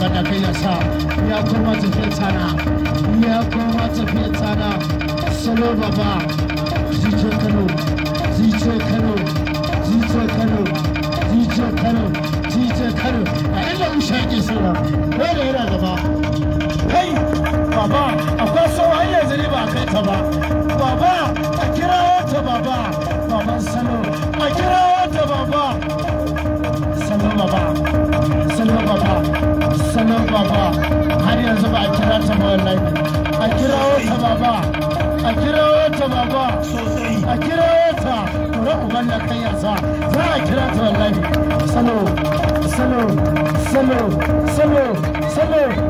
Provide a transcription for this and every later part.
bana kai yasa ya kuma tafiyar sana ya kuma tafiyar sana salo baba zice kano zice kano zice kano ne wallahi a kirawo ta baba a kirawo ta baba a kirawo ta kura uban na kan yasa za a kira ta wallahi salo salo salo salo salo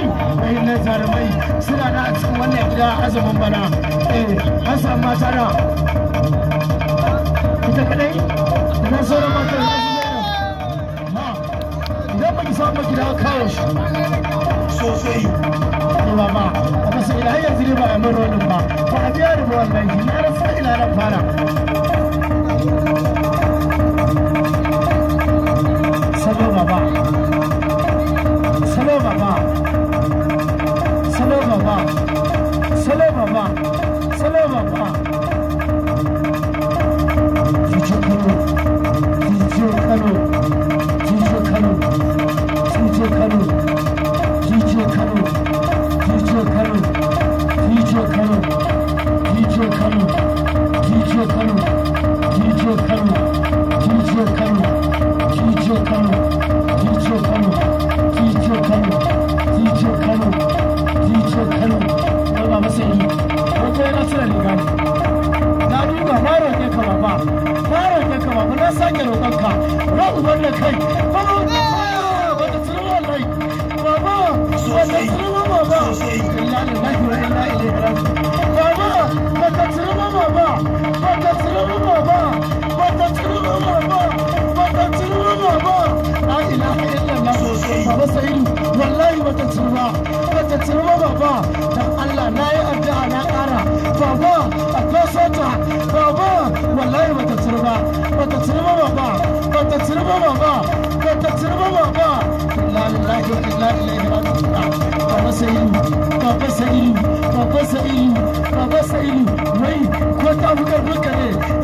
kai kai na suna da cikin wannan gida azumin bana eh an samu mata na ita kadai na sauran mata idan ba ki gida kawo shi sosai ba ba a yanzu ne ba a ba ba a biya da ruwan nan na rasa ila fara ba na roƙe ka ba na sake roƙon ka na uban da kai ba mu ba ta tsirin wallahi ba ba ta tsirin wa ba ba ba wa illa ilaihi ba ba ba ta tsirin wa ba ba ta tsirin wa ba ba ta tsirin wa ba ba ta tsirin wa ba ba ba illallah baba sa'idu ba ba ta tsirin ba ba ta ba wa baba dan Allah ba yi addu'a na ƙara ba a kasota kota sirba baba kota sirba baba la ilaha illa allah baba sa'ilu